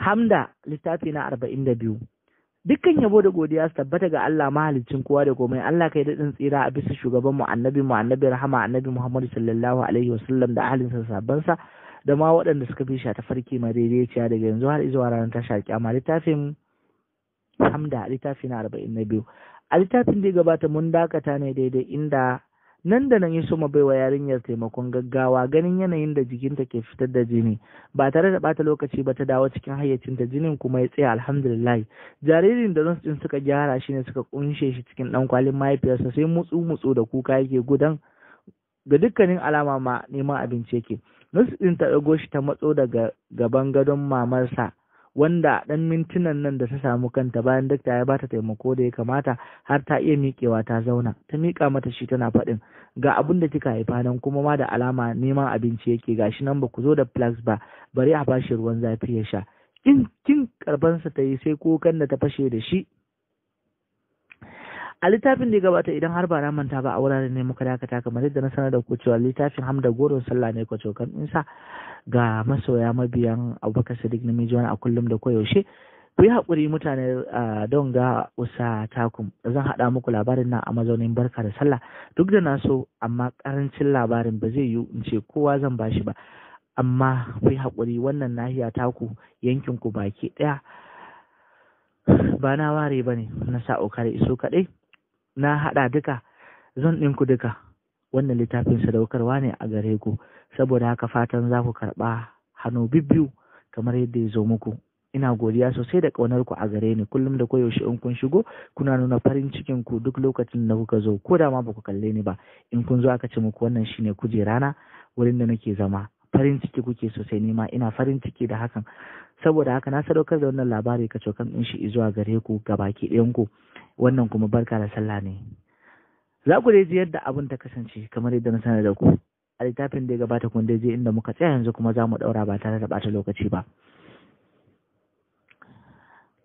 Hamda littafi na arba'in da biyu. Dukkan yabo da godiya su tabbata ga Allah mahaliccin kowa da komai Allah kai daɗin tsira a bisa shugaban mu annabi mu annabi rahama annabi Muhammadu sallallahu alaihi wasallam da ahalinsa sabansa da ma waɗanda suka fi sha tafarki madaidaiciya daga yanzu har zuwa ranar tasha kyama littafin Hamda littafi na arba'in na biyu. A littafin da ya gabata mun dakata ne daidai inda nan da nan ya bai baiwa yarinyar taimakon gaggawa ganin yanayin da jikinta ke fitar da jini ba tare da bata lokaci ba ta dawo cikin hayyacinta jinin kuma ya tsaya alhamdulillah jaririn da nurse din suka gyara shi ne suka kunshe shi cikin dan kwalin mahaifiyarsa sai mutsu mutsu da kuka yake gudan ga dukkanin alama ma neman abinci yake nurse din ta dago shi ta matso daga gaban gadon mamarsa wanda a ɗan mintunan nan da ta samu kanta bayan dakta ya bata taimako da ya kamata har ta iya miƙewa ta zauna ta miƙa mata shi tana faɗin ga abin da kika haifa nan kuma ma da alama neman abinci yake gashi nan ba ku zo da flax ba bari a bashi ruwan zafi ya sha kin kin karbansa ta yi sai kukan da ta fashe da shi a littafin da ya gabata idan har ba na manta ba a wuraren ne muka dakata kamar yadda na sanar da ku cewa littafin hamda goron sallah ne kwacokan insa ga masoya mabiyan abubakar sadiq na wani a kullum da koyaushe ku yi haƙuri mutane don ga usa takum zan haɗa muku labarin nan a mazaunin barka da sallah duk da na so amma ƙarancin labarin ba zai yiwu in ce kowa zan bashi ba amma ku yi haƙuri wannan nahiya taku yankin ku baki ɗaya ba na ware ba ne na sa kare iso kaɗai na haɗa duka zan ɗinku duka wannan littafin sadaukarwa ne a gare ku saboda haka fatan za ku karɓa hannu bibbiyu kamar yadda ya zo muku ina godiya sosai da ƙaunar ku a gare ni kullum da koyaushe in kun shigo kuna nuna farin cikin ku duk lokacin da kuka zo ko da ma ba ku kalle ni ba in kun zo aka ce muku wannan shine kuje rana, wurin da nake zama farin ciki kuke sosai ma ina farin ciki da hakan saboda haka na sadaukar da wannan labari ka cokan shi zuwa gare ku gabaki ɗayan ku wannan kuma barka da sallah ne za ku dai ji yadda abin ta kasance kamar yadda na sanar da ku a littafin da ya gabata kun dai je inda muka tsaya yanzu kuma za mu ɗaura ba tare da bata lokaci ba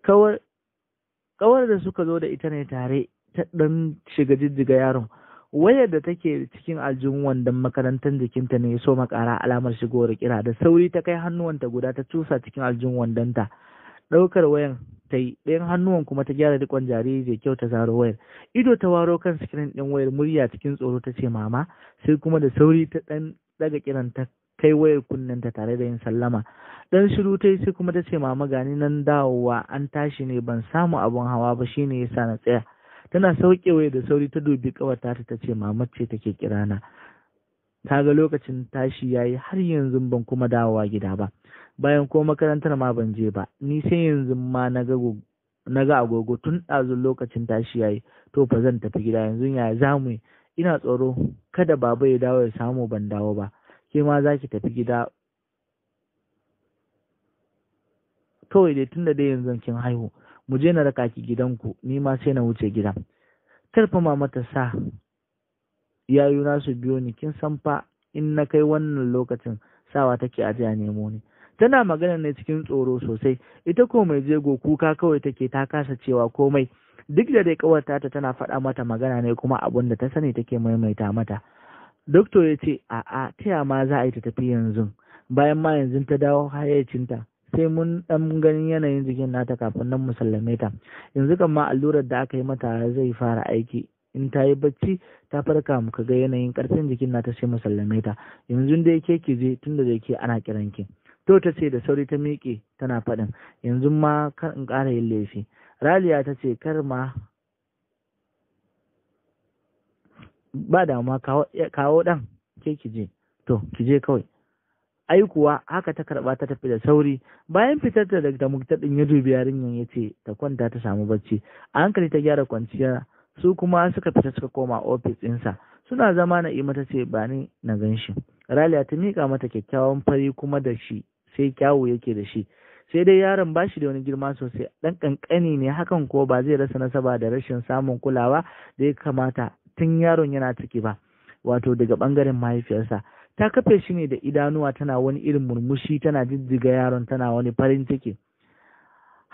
kawar da suka zo da ita ne tare ta ɗan shiga jijjiga yaron wayar da take cikin aljihun wandon makarantar jikinta ne ya so makara alamar shigowar kira da sauri ta kai hannuwanta guda ta cusa cikin aljihun wandonta ɗaukar wayan ta yi ɗayan hannuwan kuma ta gyara rikon jariri da kyau ta zaro wayar ido ta waro kan sikirin ɗin wayar murya cikin tsoro ta ce mama sai kuma da sauri ta ɗan ɗaga kiran ta kai wayar kunnen ta tare da yin sallama Ɗan shiru ta yi sai kuma ta ce mama gani nan dawowa an tashi ne ban samu abun hawa ba shine yasa na tsaya tana sauke waya da sauri ta dubi kawata ta ce mama ce take kirana ta ga lokacin tashi yayi har yanzu ban kuma dawowa gida ba bayan ko makarantar ma ban je ba ni sai yanzu ma na ga agogo tun ɗazun lokacin tashi yayi to fa zan tafi gida yanzu ya za mu ina tsoro kada baba ya dawo ya samu ban dawo ba ke ma za ki tafi gida kawai dai tunda dai yanzu kin haihu mu je na raka ki gidanku ni ma sai na wuce gida tarfama mata sa yayu nasu biyo ni kin san fa in na kai wannan lokacin sawa take ajiya nemo ni tana magana ne cikin tsoro sosai ita ko mai jego kuka kawai take ta kasa cewa komai duk da dai kawarta ta tana faɗa mata magana ne kuma abun da ta sani take maimaita mata doktor ya ce a'a taya ma za a yi ta tafi yanzu bayan ma yanzu ta dawo hayyacinta sai mun dan ganin yanayin jikin nata kafin nan mu ta yanzu kan ma allurar da aka yi mata zai fara aiki in ta yi bacci ta farka mu ga yanayin karfin jikin nata sai mu sallame ta yanzu dai ke ki je tunda da ke ana kiran ki to ta ce da sauri ta miƙe tana faɗin yanzu ma kar in ƙara yin laifi raliya ta ce kar ma ba ma kawo ɗan ke ki je to ki je kawai Aikuwa haka ta karɓa ta tafi da sauri bayan fitar da daga ɗin ya dubi yarinyar ya ce ta kwanta ta samu bacci a hankali ta gyara kwanciya su kuma suka fita suka koma ofis ɗinsa suna zama na'ima ta ce ba ni na ganshi. raliya ta miƙa mata kyakkyawan fari kuma da shi sai kyawu yake da shi sai dai yaron ba shi da wani girma sosai dan kankani ne hakan ko ba zai rasa nasaba da rashin samun kulawa da ya kamata tun yaron yana ciki ba wato daga bangaren mahaifiyarsa ta kafe shi ne da idanuwa tana wani irin murmushi tana jijjiga yaron tana wani farin ciki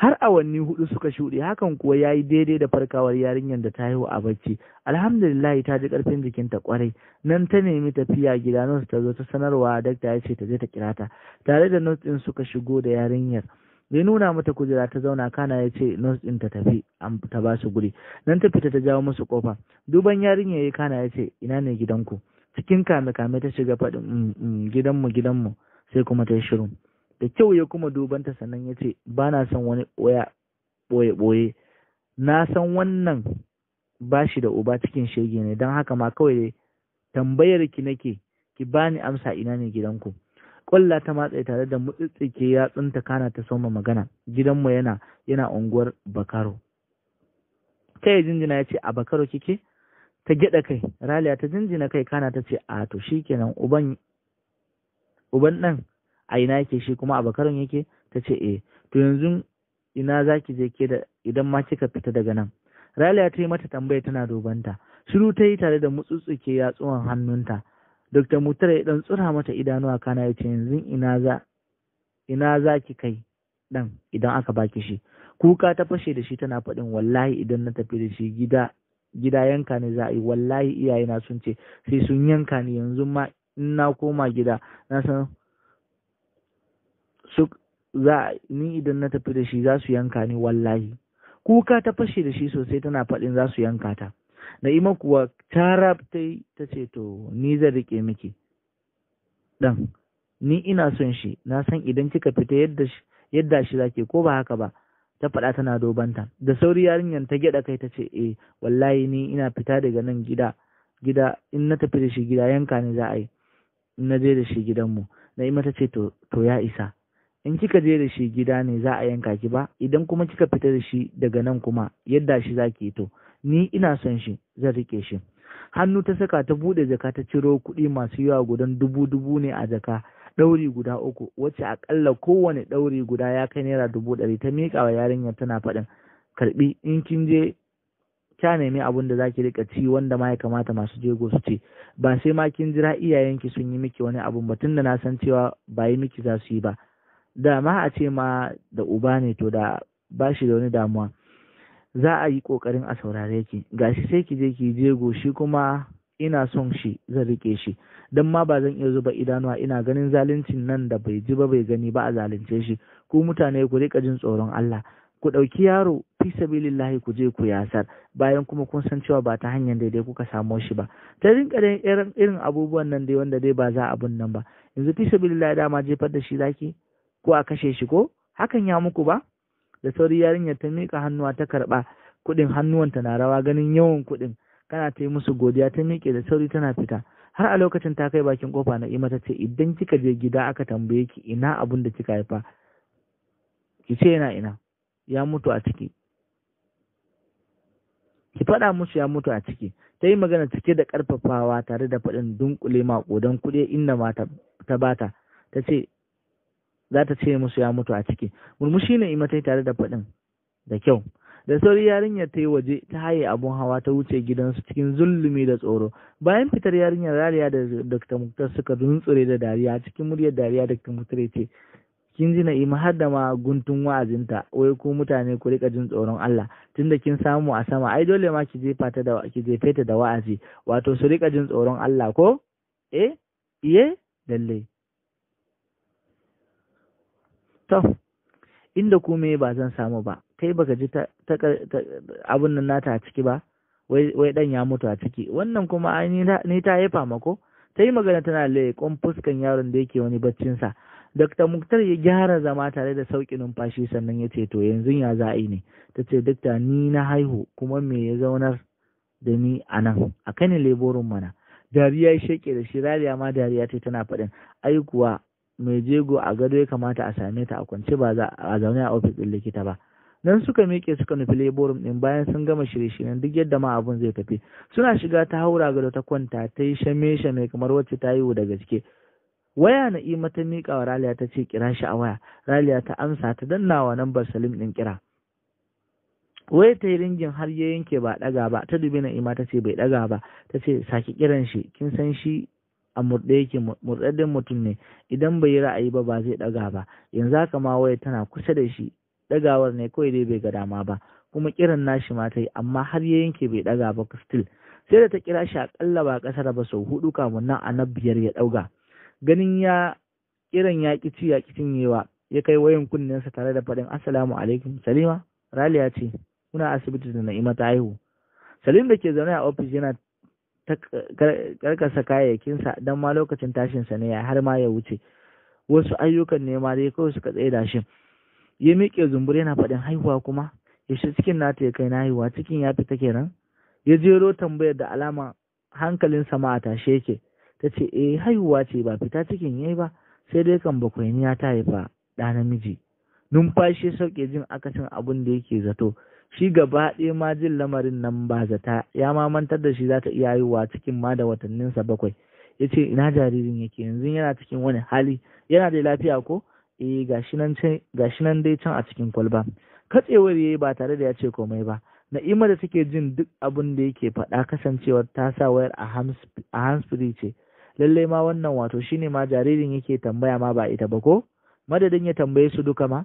har awanni hudu suka shuɗe hakan kuwa ya yi daidai da farkawar yarinyar da ta haihu a bacci alhamdulillah ta ji ƙarfin jikinta kwarai nan ta nemi tafiya gida nurse ta zo ta sanarwa dakta ya ce ta je ta kira ta tare da nurse ɗin suka shigo da yarinyar ya nuna mata kujera ta zauna kana ya ce nurse ɗin ta tafi ta ba su guri nan ta fita ta jawo musu kofa duban yarinyar ya kana ya ce ina ne gidanku cikin kame kame ta shiga faɗin mm, mm, gidanmu gidanmu sai kuma ta yi shirin. da kyau ya kuma dubanta sannan ya ce ba na son wani ɓoye-ɓoye na san wannan ba shi da uba cikin shege ne don haka ma kawai dai tambayar ki nake ki bani amsa ina ne gidanku kwalla ta matse tare da mutsitsike tsinta, kana ta soma magana gidanmu yana yana unguwar bakaro kai jinjina ya ce a bakaro kike ta gyada kai raliya ta jinjina kai kana ta ce a to shikenan uban uban nan a ina yake shi kuma a yake ta ce eh to yanzu ina za ki je ke da idan ma kika fita daga nan Raliya ta yi mata tambaya tana dubanta shiru ta yi tare da mutsutsuke yatsuwan hannunta Dr. Mutar ya dan tsura mata idanuwa kana yace yanzu ina za ina za ki kai dan idan aka baki shi kuka ta fashe da shi tana faɗin wallahi idan na tafi da shi gida gida yanka ne za a yi wallahi iyayena sun ce sai sun yanka ni yanzu ma in na koma gida na san su za ni idan na tafi da shi za su yanka ni wallahi kuka ta fashe da shi sosai tana faɗin za su yanka ta na'ima kuwa ta rabta ta ce to ni zan rike miki dan ni ina son shi na san idan kika fita yadda shi yadda shi zake ko ba haka ba ta faɗa tana dobanta da sauri yarinyar ta gyaɗa kai ta ce eh wallahi ni ina fita daga nan gida gida in na tafi da shi gida yanka ne za a yi na je da shi gidanmu na'ima ta ce to ya isa in kika je da shi gida ne za a yanka ki ba idan kuma kika fita da shi daga nan kuma yadda shi za ki to ni ina son shi zan rike shi hannu ta saka ta buɗe jaka ta ciro kuɗi masu yawa gudan dubu dubu ne a jaka ɗauri guda uku wacce akalla kowane ɗauri guda ya kai naira dubu ɗari ta miƙa wa yarinyar tana faɗin karɓi in kin je kya nemi abin da zaki rika ci wanda ma ya kamata masu jego su ce ba sai ma kin jira iyayenki sun yi miki wani abun Batun da na san cewa ba yi miki za su yi ba da ma a ce ma da uba ne to da ba shi da wani damuwa za a yi ƙoƙarin a saurare ki shi sai ki je ki jego shi kuma ina son shi zan rike shi don ma ba zan iya zuba idanuwa ina ganin zaluncin nan da bai ji ba bai gani ba a zalunce shi ku mutane ku rika jin tsoron Allah ku ɗauki yaro fi sabilillahi ku je ku yasar bayan kuma kun san cewa ba ta hanyar daidai kuka samo shi ba ta rinka da irin abubuwan nan dai wanda dai ba za abun nan ba yanzu fi sabilillahi dama jefar da shi zaki ko a kashe shi ko hakan ya muku ba da sauri yarinyar ta miƙa hannuwa ta karɓa kuɗin hannuwanta na rawa ganin yawan kuɗin kana ta yi musu godiya ta miƙe da sauri tana fita har a lokacin ta kai bakin kofa na ima ta ce idan kika je gida aka tambaye ki ina abun da kika haifa ki ce yana ina ya mutu a ciki ki faɗa musu ya mutu a ciki ta yi magana cike da ƙarfafawa tare da faɗin dunkule maƙudan kuɗi inda mata ta bata ta ce za ta ce musu ya mutu a ciki murmushi ne ima tare da faɗin da kyau da sauri yarinyar ta yi waje ta haye abun hawa ta wuce gidansu cikin zulumi da tsoro bayan fitar yarinyar rariya da dr muktar suka duntsure da dariya cikin muryar dariya dr muktar ya ce kin ji na ima har da ma guntun wa'azinta wai ku mutane ku rika jin tsoron Allah tunda kin samu a sama ai dole ma ki jefa ta da wa'azi wato su rika jin tsoron Allah ko eh iye Lallai! to inda kuma ba zan samu ba kai baka ji abin nan nata a ciki ba wai dan ya mutu a ciki wannan kuma ai ni ta haifa mako ta yi magana tana leƙon fuskan yaron da yake wani baccin sa Dr. Muktar ya gyara zama tare da sauƙi numfashi sannan ya ce to yanzu ya za ne ta ce dakta ni na haihu kuma me ya zaunar da ni a nan a kanin leburin mana dariya ya sheke da shi rariya ma dariya ce tana faɗin Aikuwa. mai jego a gado ya kamata a same ta a kwance ba a zaune a ofis ɗin likita ba nan suka miƙe suka nufi leburum ɗin bayan sun gama shirye-shiryen duk yadda ma abun zai tafi suna shiga ta haura gado ta kwanta ta yi shame-shame kamar wacce ta yi da gaske waya ima ta miƙa wa raliya ta ce kira shi a waya raliya ta amsa ta danna wa nambar salim ɗin kira wai ta yi ringin har ya yanke ba ɗaga ba ta dubi na'ima ta ce bai ɗaga ba ta ce sake kiran shi kin san shi a murɗe yake murɗaɗɗen mutum ne idan bai yi ra'ayi ba ba zai ɗaga ba yanzu haka ma waya tana kusa da shi ɗagawar ne kawai dai bai ga dama ba kuma kiran nashi ma ta yi amma har ya yanke bai ɗaga ba still sai da ta kira shi a ƙalla ba ƙasar ba sau huɗu kamun nan a na biyar ya ɗauka ganin ya kiran ya ƙi ci ya ƙi cinyewa ya kai wayan kunnen sa tare da faɗin 'Asalamu alaikum salima raliya ce kuna asibiti da na'ima ta haihu salim da ke zaune a ofis yana ta karkasa kayayyakinsa don ma lokacin tashinsa ne ya har ma ya wuce wasu ayyukan ne ma dai kawai suka da shi ya miƙe zumbur yana faɗin haihuwa kuma ya shi cikin nata ya kai na haihuwa cikin ya fita kenan ya jero tambayar da alama hankalin sama a tashe yake ta ce eh haihuwa ce ba fita cikin yayi ba sai dai kan bakwai ta haifa ɗa namiji numfashi sauke jin akasin abin da yake zato shi gaba ɗaya ma jin lamarin nan ba zata ya ma mantar da shi zata ta iya haihuwa cikin ma da watanninsa bakwai ya ce ina jaririn yake yanzu yana cikin wani hali yana da lafiya ko eh gashi nan dai can a cikin kwalba katsewar yayi ba tare da ya ce komai ba na'ima da take jin duk abin da yake faɗa kasancewa ta sa wayar a handsfree ce lallai ma wannan wato shine ma jaririn yake tambaya ma ba ita ba ko madadin ya tambaye su duka ma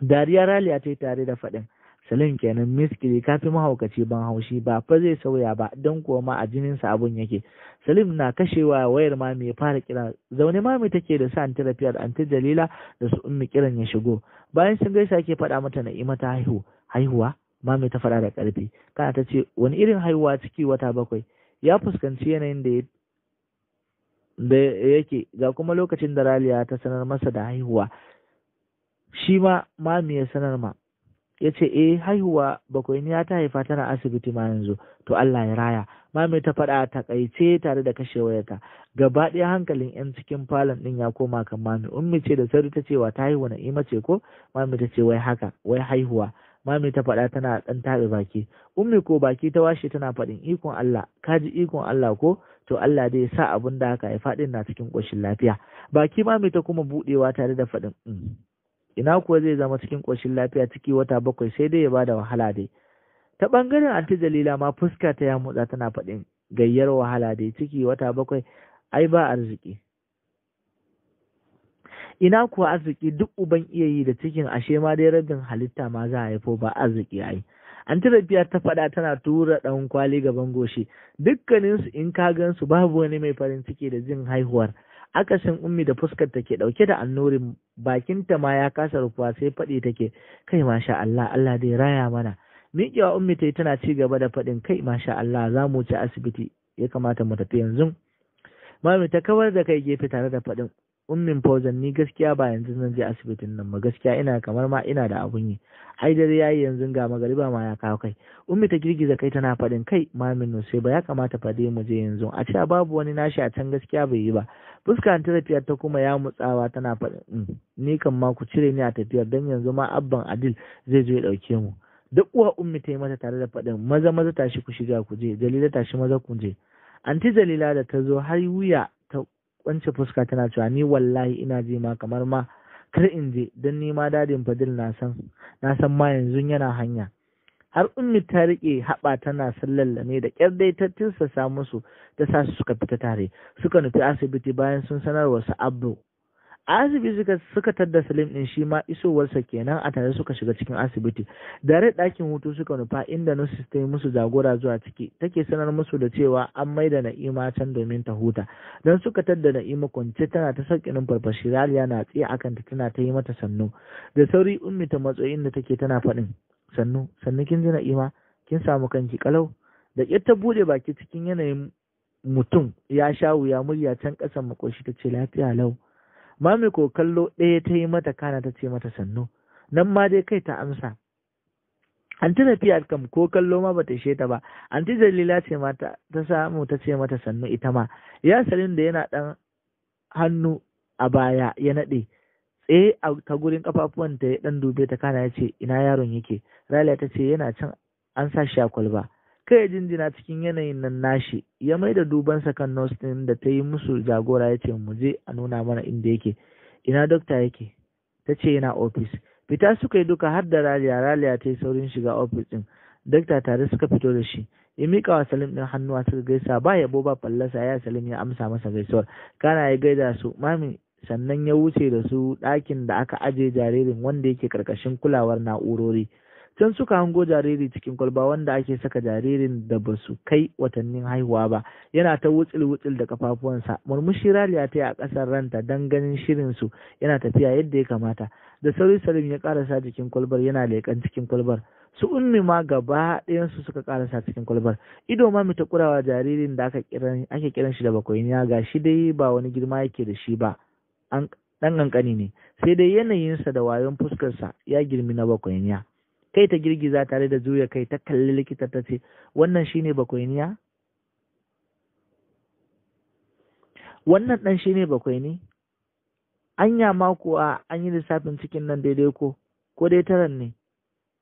dariya raliya ta yi tare da faɗin Salim kenan miskili ka fi mahaukaci ban haushi ba fa zai sauya ba don kuwa ma a jininsa abun yake. Salim na kashewa wayar ma mai fara kira zaune mami take da sa anti anti Jalila da su ummi kiran ya shigo. Bayan sun gaisa ke faɗa mata na ta haihu haihuwa mami ta faɗa da ƙarfi kana ta ce wani irin haihuwa ciki wata bakwai ya fuskanci yanayin da da yake ga kuma lokacin da Raliya ta sanar masa da haihuwa shi ma mami ya sanar ma ya ce eh haihuwa bakwai ni ya ta haifa tana asibiti ma yanzu to Allah ya raya mami ta faɗa takaice tare da kashe wayarta gaba ɗaya hankalin yan cikin falon ɗin ya koma kan mami ummi ce da sauri ta cewa ta haihu na'ima ce ko mami ta ce wai haka wai haihuwa mami ta faɗa tana ɗan taɓe baki ummi ko baki ta washe tana faɗin ikon Allah ka ji ikon Allah ko to Allah dai sa abin da haka ya faɗin na cikin ƙoshin lafiya baki mami ta kuma buɗewa tare da faɗin mm. ina kuwa zai zama cikin ƙoshin lafiya ciki wata bakwai sai dai ya bada wahala dai ta ɓangaren anti jalila ma fuska ta ya motsa tana faɗin gayyar wahala dai ciki wata bakwai ai ba arziki ina kuwa arziki duk uban iya yi da cikin ashe ma dai rabin halitta ma za a haifo ba arziki ai anti rabiya ta faɗa tana tura ɗan kwali gaban goshi dukkaninsu in ka gansu babu wani mai farin ciki da jin haihuwar akasin ummi da fuskar take dauke da annurin bakinta ma ya kasa rufuwa sai faɗi take kai masha Allah Allah dai raya mana miƙewa ummi ta tana ci gaba da faɗin kai masha Allah za mu ci asibiti ya kamata mu tafi yanzu mami ta kawar da kai gefe tare da faɗin ummin fauzan ni gaskiya ba yanzu zan je asibitin nan ba gaskiya ina kamar ma ina da abun yi ai dare yayi yanzu ga magariba ma ya kawo kai ummi ta girgiza kai tana faɗin kai mamin no sai ba ya kamata fa mu je yanzu a ce babu wani nashi a can gaskiya bai yi ba fuska ta tafiyar ta kuma ya mutsawa tana faɗin mm, ni kan ma ku cire ni a tafiyar dan yanzu ma abban adil zai zo ya ɗauke mu duk uwa ummi ta yi mata tare da faɗin maza maza tashi ku shiga ku je dalila tashi maza ku je anti jalila da ta zo har wuya kwance fuska tana cewa ni wallahi ina ji ma kamar ma kar in je don ni ma dadin fadil na san na san ma yanzu yana hanya har ummi ta rike haɓa tana sallallame da kyar dai ta samu musu ta sa su suka fita tare suka nufi asibiti bayan sun sanarwa su abdu Asibiti suka suka tadda salim din shi ma isowarsa kenan a tare suka shiga cikin asibiti dare dakin hutu suka nufa inda na ta musu jagora zuwa ciki take sanar musu da cewa an maida na'ima can domin ta huta dan suka tadda na'ima kwance tana ta sakinin farfashi raliya na tsaye akan ta tana ta yi mata sannu da sauri ummi ta matso inda take tana faɗin sannu sannu kin ji na'ima kin samu kanki kalau da ƙyar ta buɗe baki cikin yanayin mutum ya sha wuya murya can ƙasan makoshi ta ce lafiya lau mami ko kallo ɗaya ta yi mata kana ta ce mata sannu nan ma dai kai ta amsa anti tafiya kam ko kallo ma bata ishe ta ba anti jalila ce ma ta samu ta ce mata sannu ita ma ya salin da yana ɗan hannu a baya ya naɗe tsaye a ta gurin kafafuwan ta ya ɗan dube ta kana ya ce ina yaron yake raliya ta ce yana can an sa shi a kwalba kai jinjina cikin yanayin nan nashi ya mai da dubansa kan nurse ɗin da ta yi musu jagora ya ce mu je a nuna mana inda yake ina dokta yake ta ce yana ofis fita suka yi duka har da raliya raliya ta yi saurin shiga ofis ɗin dokta tare suka fito da shi ya miƙa wa salim ɗin hannuwa suka gaisa ba ya ba fallasa ya salim ya amsa masa gaisuwar kana ya gaida su mami sannan ya wuce da su ɗakin da aka ajiye jaririn wanda yake ƙarƙashin kulawar na'urori. can suka hango jariri cikin kwalba wanda ake saka jaririn da ba su kai watannin haihuwa ba yana ta wutsil wutsil da kafafuwansa murmushi raliya ta yi a ƙasar ranta don ganin shirin su yana tafiya yadda ya kamata da sauri salim ya karasa jikin kwalbar yana leƙen cikin kwalbar su ummi ma gaba ɗayansu suka karasa cikin kwalbar ido ma mita kurawa jaririn da aka kiran ake kiran shi da bakwai bakwainiya ga shi dai ba wani girma yake da shi ba an ɗan ƙanƙani ne sai dai yanayinsa da wayon fuskarsa ya girmi na bakwai bakwainiya kai ta girgiza tare da juya kai ta kalli likita ta ce wannan ne bakwainiya wannan ɗan ne bakwaini anya ma kuwa an yi lissafin cikin nan daidai ko ko dai taran ne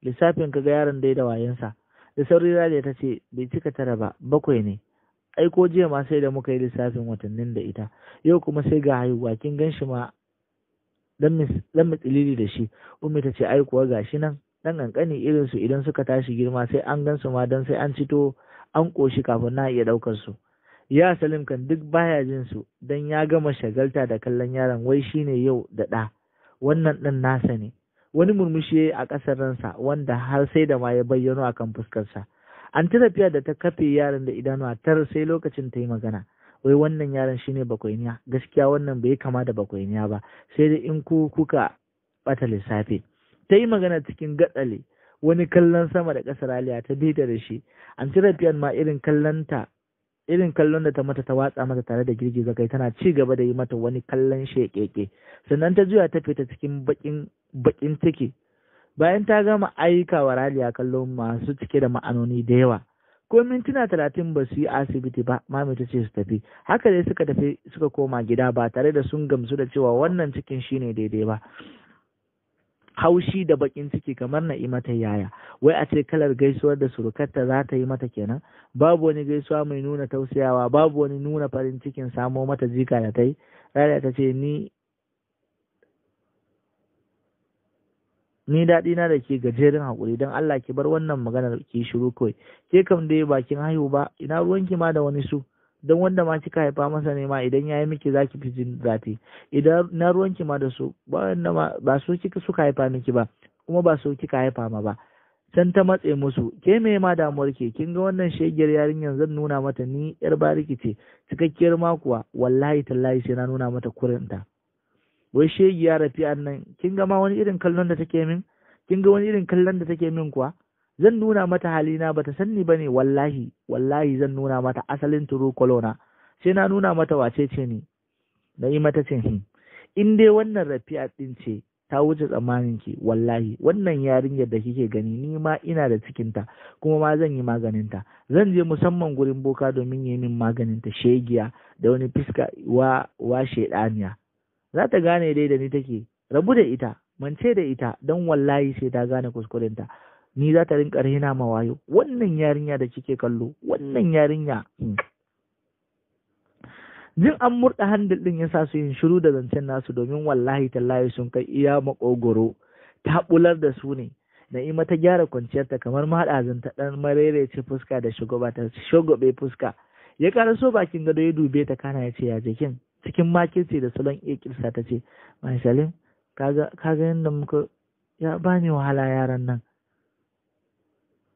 lissafin kaga yaron dai da wayensa da sauri raliya ta ce bai cika tara ba bakwai ne ai ko jiya ma sai da muka yi lissafin watannin da ita yau kuma sai ga haihuwa kin gan shi ma dan mutsilili da shi ummi ta ce ai kuwa gashi nan dan kankani irin su idan suka tashi girma sai an gan su ma dan sai an cito an koshi kafin na iya daukar su ya salim kan duk baya jin su dan ya gama shagalta da kallon yaron wai shine yau da da wannan dan nasa ne wani murmushi a ƙasar ransa wanda har sai da ma ya bayyano a kan fuskarsa an ta tafiya da ta kafe yaron da idanuwa tar sai lokacin ta yi magana wai wannan yaron shine bakwainiya gaskiya wannan bai kama da bakwainiya ba sai dai in ku kuka bata lissafi ta yi magana cikin gaɗale wani kallon sama da ƙasar aliya ta bi da shi an cire fiyan ma irin kallon irin kallon da ta mata ta watsa mata tare da girgiza kai tana ci gaba da yi mata wani kallon sheƙeƙe sannan ta juya ta fita cikin baƙin ciki. ciki bayan ta gama aika wa raliya kallon masu cike da ma'anoni da yawa ko mintuna talatin ba su yi asibiti ba mami ta ce su tafi haka dai suka tafi suka koma gida ba tare da sun gamsu da cewa wannan cikin shine daidai ba haushi da bakin ciki kamar na yi mata yaya wai a ce kalar gaisuwar da surukarta za ta yi mata kenan babu wani gaisuwa mai nuna tausayawa babu wani nuna farin cikin samo mata jika da ta yi rariya ta ce ni ni daɗi na da ke gajeren haƙuri don Allah ki bar wannan maganar ki shiru kawai ke kam dai bakin haihu ba ina ruwanki ma da wani su don wanda ma kika haifa masa ne ma idan yayi miki zaki fi jin zafi idan na ruwanki ma da su ba wanda ma ba su kika suka haifa miki ba kuma ba su kika haifa ma ba can ta matse musu ke me ma damuwar ke kin ga wannan shegiyar yarinyar zan nuna mata ni yar bariki ce cikakkiyar kuwa?" wallahi tallahi sai na nuna mata kurinta wai shegiya rafi'an nan kin ga ma wani irin kallon da take min kin ga wani irin kallon da take min kuwa zan nuna mata halina bata sanni ba ne. wallahi wallahi zan nuna mata asalin turu kolona sai na nuna mata wace ce ni na yi mata cin hmm. in dai wannan rafi'a din ce ta wuce tsammanin ki wallahi wannan yarinyar da kike gani ni ma ina da cikinta kuma ma zan yi maganinta zan je musamman gurin boka domin yi min maganinta shegiya da wani fiska wa wa za ta gane dai da ni take rabu da ita mance da ita don wallahi sai ta gane kuskurenta ni za ta rinka rena ma wayo wannan yarinya da kike kallo wannan yarinya hmm. jin an murɗa handil ɗin ya sa su yin shiru da zancen nasu domin wallahi tallahi sun kai iya makogoro ta bular da su ne na'ima ta gyara kwanciyarta kamar mahaɗazin ta ɗan marerece fuska da shugaba ta shugabe fuska ya ƙara so bakin gado ya dube ta kana ya ce ya jikin cikin makirci da salon iya kirsa ta ce mai salim kaga yadda muka ya bani wahala yaran nan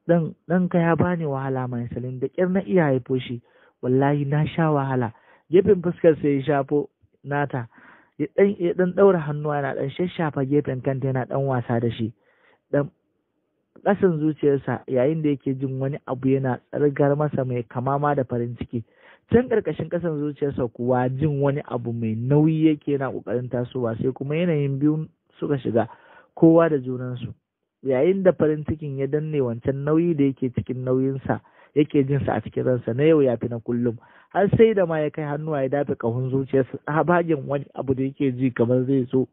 dan ɗanka ya bani wahala mai salin da ƙyar na iya haifo shi wallahi na sha wahala gefen fuskar sai ya shafo nata ya dan ya dan ɗaura hannuwa yana dan shashafa gefen kanta yana ɗan wasa da shi ɗan ƙasan zuciyarsa yayin da yake jin wani abu yana tsargar masa mai kama ma da farin ciki can karkashin ƙasan zuciyarsa kuwa jin wani abu mai nauyi yake yana ƙoƙarin tasowa sai kuma yanayin biyu suka shiga kowa da junansu yayin da farin cikin ya danne wancan nauyi da yake cikin nauyinsa yake jin sa a cikin ransa na yau ya fi na kullum har sai da ma ya kai hannuwa ya dafe kahun zuciyarsa tsabagen wani abu da yake ji kamar zai so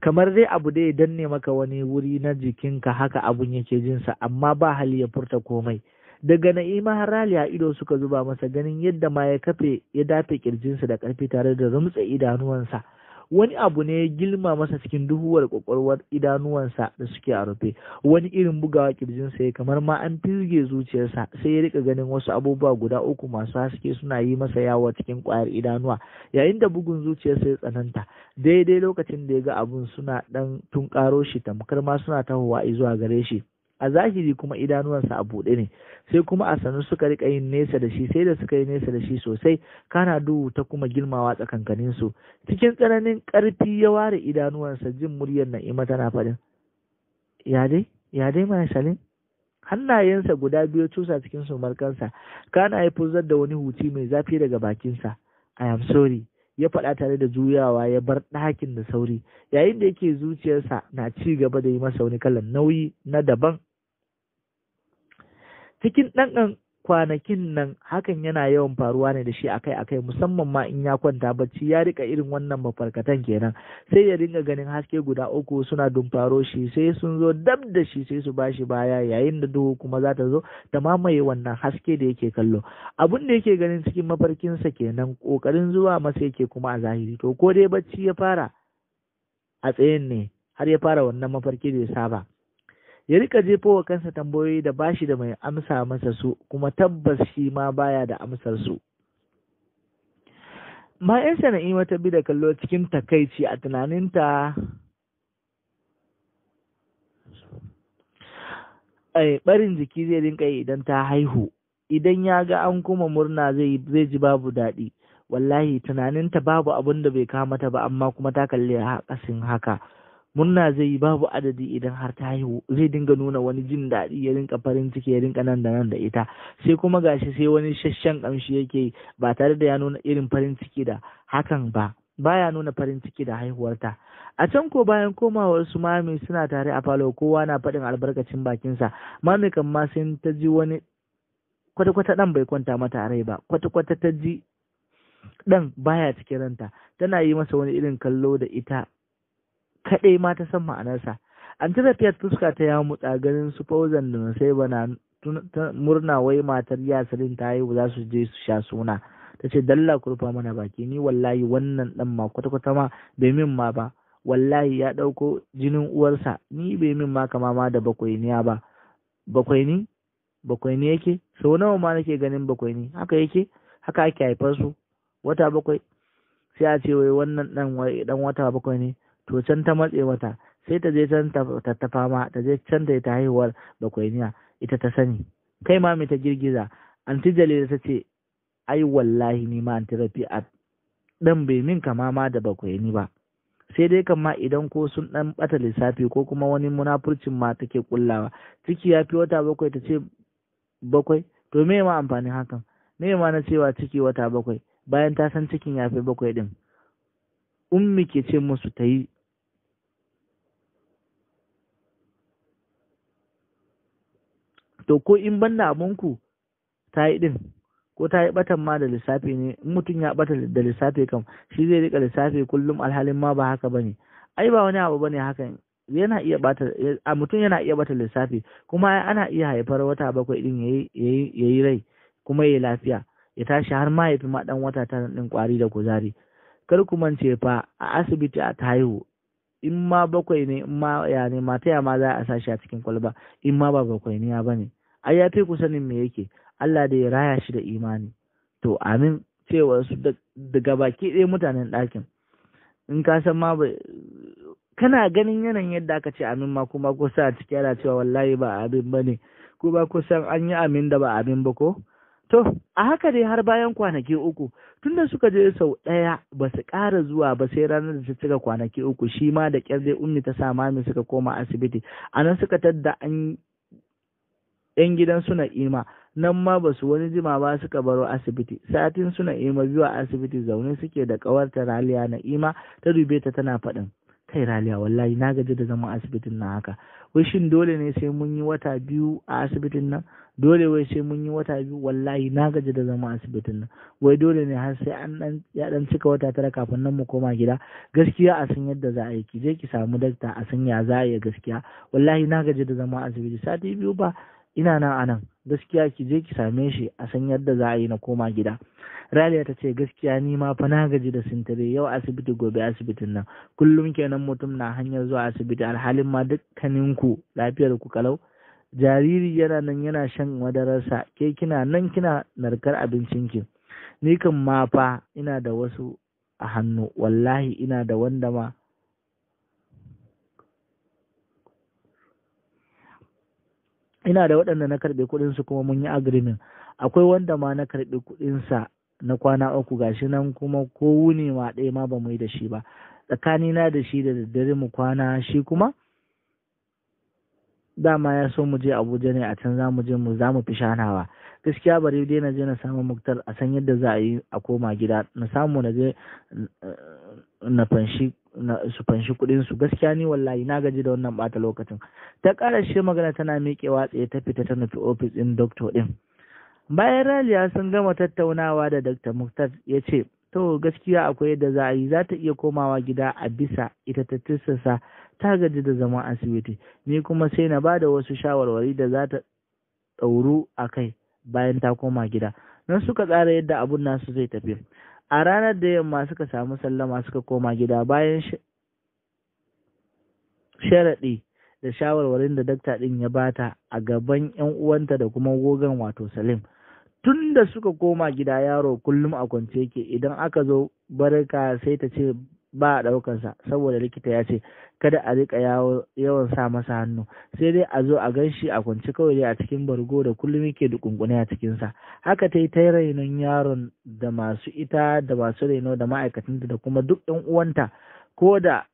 kamar dai abu da ya danne maka wani wuri na jikinka haka abun yake jinsa amma ba hali ya furta komai daga na'ima har a ido suka zuba masa ganin yadda ma ya kafe ya dafe kirjinsa da karfi tare da rumtsa idanuwansa wani abu ne ya gilma masa cikin duhuwar kwakwalwar idanuwansa da suke a rufe wani irin bugawa kirjinsa ya kamar ma an firge zuciyarsa sai ya rika ganin wasu abubuwa guda uku masu haske suna yi masa yawa cikin kwayar idanuwa yayin da bugun zuciyarsa ya tsananta daidai lokacin da ya ga abun suna dan tunkaro shi tamkar ma suna tahowa zuwa gare shi a zahiri kuma idanuwansa a buɗe ne sai kuma a sanu suka riƙa yin nesa da shi sai da suka yi nesa da shi sosai kana duhu ta kuma girmawa tsakankanin su cikin tsananin ƙarfi ya ware idanuwansa jin muryar na'ima tana faɗin ya dai ya dai hannayensa guda biyu cusa cikin sumarkansa kana ya fuzar da wani huci mai zafi daga bakinsa i am sorry ya faɗa tare da juyawa ya bar ɗakin da sauri yayin da yake zuciyarsa na ci gaba da yi masa wani kalan nauyi na daban cikin ɗanɗan kwanakin nan hakan yana yawan faruwa ne da shi akai-akai musamman ma in ya kwanta bacci ya rika irin wannan mafarkatan kenan sai ya ringa ganin haske guda uku suna dumfaro shi sai sun zo dab da shi sai su bashi baya yayin da duhu kuma za ta zo ta mamaye wannan haske da yake kallo abun da yake ganin cikin mafarkinsa kenan kokarin zuwa masa yake kuma a zahiri to ko dai bacci ya fara a tsayin ne har ya fara wannan mafarki da ya saba ya rika jefo wa kansa tambayoyi da bashi da mai amsa masa su kuma tabbas shi ma baya da amsar su bayan sana'i wata bi da kallo cikin takaici a tunaninta ai barin jiki zai rinka yi idan ta haihu idan ya ga an kuma murna zai ji babu daɗi wallahi tunaninta babu abin da bai kama ta ba amma kuma ta kalli ƙasin haka murna zai yi babu adadi idan har ta haihu zai dinga nuna wani jin daɗi ya rinka farin ciki ya rinka nan da nan da ita sai kuma gashi sai wani shashen kamshi yake yi ba tare da ya nuna irin farin ciki da hakan ba baya nuna farin ciki da haihuwarta a can ko bayan komawar su mami suna tare a falo kowa na faɗin albarkacin bakinsa mami kan ma sai ta ji wani kwata-kwata ɗan bai kwanta mata rai ba kwata-kwata ta ji ɗan baya cikin ranta tana yi masa wani irin kallo da ita kaɗai ma ta san ma'anarsa an ta fuska ta ya mutsa ganin su fauzan da sai bana murna wai matar yasirin ta haihu za su je su sha suna ta ce dalla kurfa mana baki ni wallahi wannan dan ma kwata-kwata ma bai min ma ba wallahi ya ɗauko jinin uwarsa ni bai min ma kama ma da bakwainiya ba bakwaini bakwaini yake sau nawa ma nake ganin bakwaini haka yake haka ake haifar su wata bakwai sai a ce wai wannan dan dan wata bakwai ne to can ta matse mata sai ta je can ta ta fama ta je can ta ta haihuwar bakwainiya ita ta sani kai ma me ta girgiza anti jalila ta ce ai wallahi ni ma anti rafi'a dan bai min kama ma da bakwaini ba sai dai kama idan ko sun dan bata lissafi ko kuma wani munafurcin ma take kullawa ciki ya fi wata bakwai ta ce bakwai to me ma amfanin hakan me ma na cewa ciki wata bakwai bayan ta san cikin ya fi bakwai din ummi ke ce musu ta yi to ko in banda abunku ta yi ɗin ko ta yi batan ma da lissafi ne in mutum ya bata da lissafi kam shi zai rika lissafi kullum alhalin ma ba haka bane ai ba wani abu bane hakan yana iya bata a mutum yana iya bata lissafi kuma ana iya haifar wata bakwai ɗin yayi yayi rai kuma yayi lafiya ya tashi har ma ya fi ma dan wata tara ɗin kwari da kuzari kar ku mance fa a asibiti a ta haihu in ma bakwai ne in ma ya ne ma ya ma za a sa shi a cikin kwalba in ma ba bakwai ne ya bane ai ya fi ku sanin me yake Allah da ya raya shi da imani to amin cewa su daga baki ɗaya mutanen ɗakin in ka san ma ba kana ganin yanayin yadda aka ce amin ma kuma ko sa cikin yana cewa wallahi ba abin ne ko ba kusan an yi amin da ba abin ba ko To, a haka dai har bayan kwanaki uku, tunda suka je sau ɗaya ba su ƙara zuwa ba sai ranar da ta cika kwanaki uku, shi ma da ƙyar dai ummi ta sa mami suka koma asibiti, a nan suka tadda an ‘yan gidan suna ima, nan ma ba su wani jima ba suka baro asibiti, satin suna ima biyu a asibiti zaune suke da ta raliya na ta dube ta tana faɗin. kai raliya wallahi na gaji da zama asibitin nan haka wai shin dole ne sai mun yi wata biyu a asibitin nan dole wai sai mun yi wata biyu wallahi na gaji da zama asibitin nan wai dole ne har sai an dan ya dan cika wata tara kafin nan mu koma gida gaskiya a san yadda za a yi ki je ki samu dakta a san ya za a yi gaskiya wallahi na gaji da zama asibiti sati biyu ba ina nan anan gaskiya ki je ki same shi a san yadda za a yi na koma gida raliya ta ce gaskiya ni ma fa na gaji da sintare yau asibiti gobe asibitin nan kullum kenan mutum na hanyar zuwa asibiti alhalin ma dukkanin ku lafiyar ku kalau jariri yana nan yana shan madararsa ke kina nan kina narkar abincin ki? ni kan ma fa ina da wasu a hannu wallahi ina da wanda ma ina da waɗanda na karɓi kuɗin su kuma mun yi agreement akwai wanda ma na karɓi kuɗin na kwana uku gashi nan kuma ko wuni ma ɗaya ma bamu yi da shi ba tsakani na da shi da daddare mu kwana shi kuma dama ya so mu je Abuja ne a can za mu je mu za mu fi shanawa gaskiya bari dai na je na samu muktar a san yadda za a yi a koma gida na samu na je eh, na fanshi su fanshi kuɗin su gaskiya ni wallahi na gaji da wannan bata lokacin ta shi magana tana miƙewa tsaye ta fita ta nufi ofis ɗin doktor ɗin bayan raliya sun gama tattaunawa da dr muktar ya ce to gaskiya akwai yadda za a yi za ta iya komawa gida a bisa ita ta tirsasa ta gaji da zaman asibiti ni kuma sai na ba da wasu shawarwari da za ta ɗauru a kai bayan ta koma gida nan suka tsara yadda abun nasu zai tafi a ranar da yamma suka samu sallama suka koma gida bayan sharaɗi da shawarwarin da dakta ɗin ya bata a gaban 'yan uwanta da kuma gogan wato salim tun da suka koma gida yaro kullum a kwance yake idan aka zo barka sai ta ce ba a ɗaukansa saboda likita ya ce kada a riƙa yawan sa masa hannu sai dai a zo a gan shi a kwanci kawai a cikin bargo da kullum yake dukunkune a cikinsa haka ta yi ta rainon yaron da masu ita da masu raino da ma'aikatanta da kuma duk ɗan uwanta ko da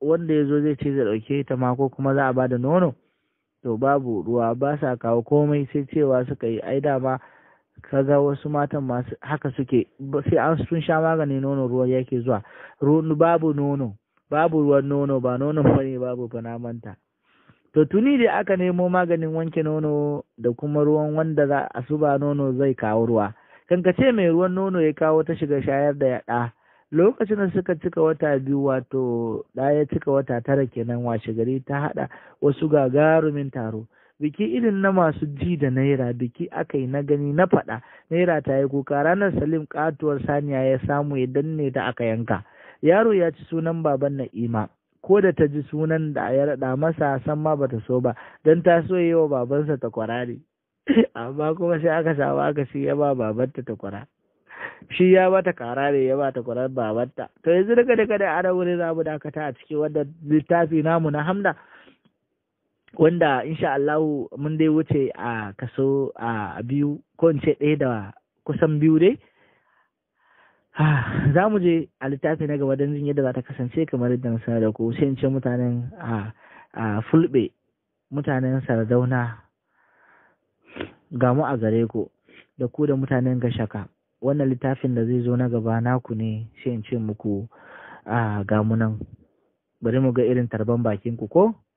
wanda ya zo zai ce zai ɗauke ta ma ko kuma za a ba da nono to babu ruwa ba sa kawo komai sai cewa suka yi ai dama kaga wasu matan masu haka suke sai an sun sha magani nono ruwan yake zuwa babu nono babu ruwan nono ba nonon bane babu fanamanta to tuni da aka nemo maganin wanke nono da kuma ruwan wanda za a suba nono zai kawo ruwa kankace mai ruwan nono ya kawo ta shiga shayar da yaɗa lokacin da suka cika wata biyu wato da ya cika wata tara kenan washe gari ta hada wasu gagarumin taro biki irin na masu ji da naira biki aka yi na gani na faɗa naira ta yi kuka ranar salim katuwar saniya ya samu ya danne da aka yanka yaro ya ci sunan baban na'ima ko da ta ji sunan da ya raɗa masa san ma bata so ba don ta so yi wa babansa ta kwarare amma kuma sai aka samu aka shi ya ba babanta ta kwara shi ya bata karare ya bata kwarar babanta to yanzu daga daga da ana wurin zamu dakata a cikin wannan littafi namu na hamda wanda insha Allah mun dai wuce a kaso a biyu ko ce ɗaya da kusan biyu dai za mu je a littafi na gaba don jin yadda za ta kasance kamar yadda sanar da ku sai in ce mutanen a fulbe mutanen sardauna gamu a gare ku da ku da mutanen gashaka wannan littafin da zai zo na gaba naku ne sai in ce muku a gamunan bari mu ga irin tarban bakin ku ko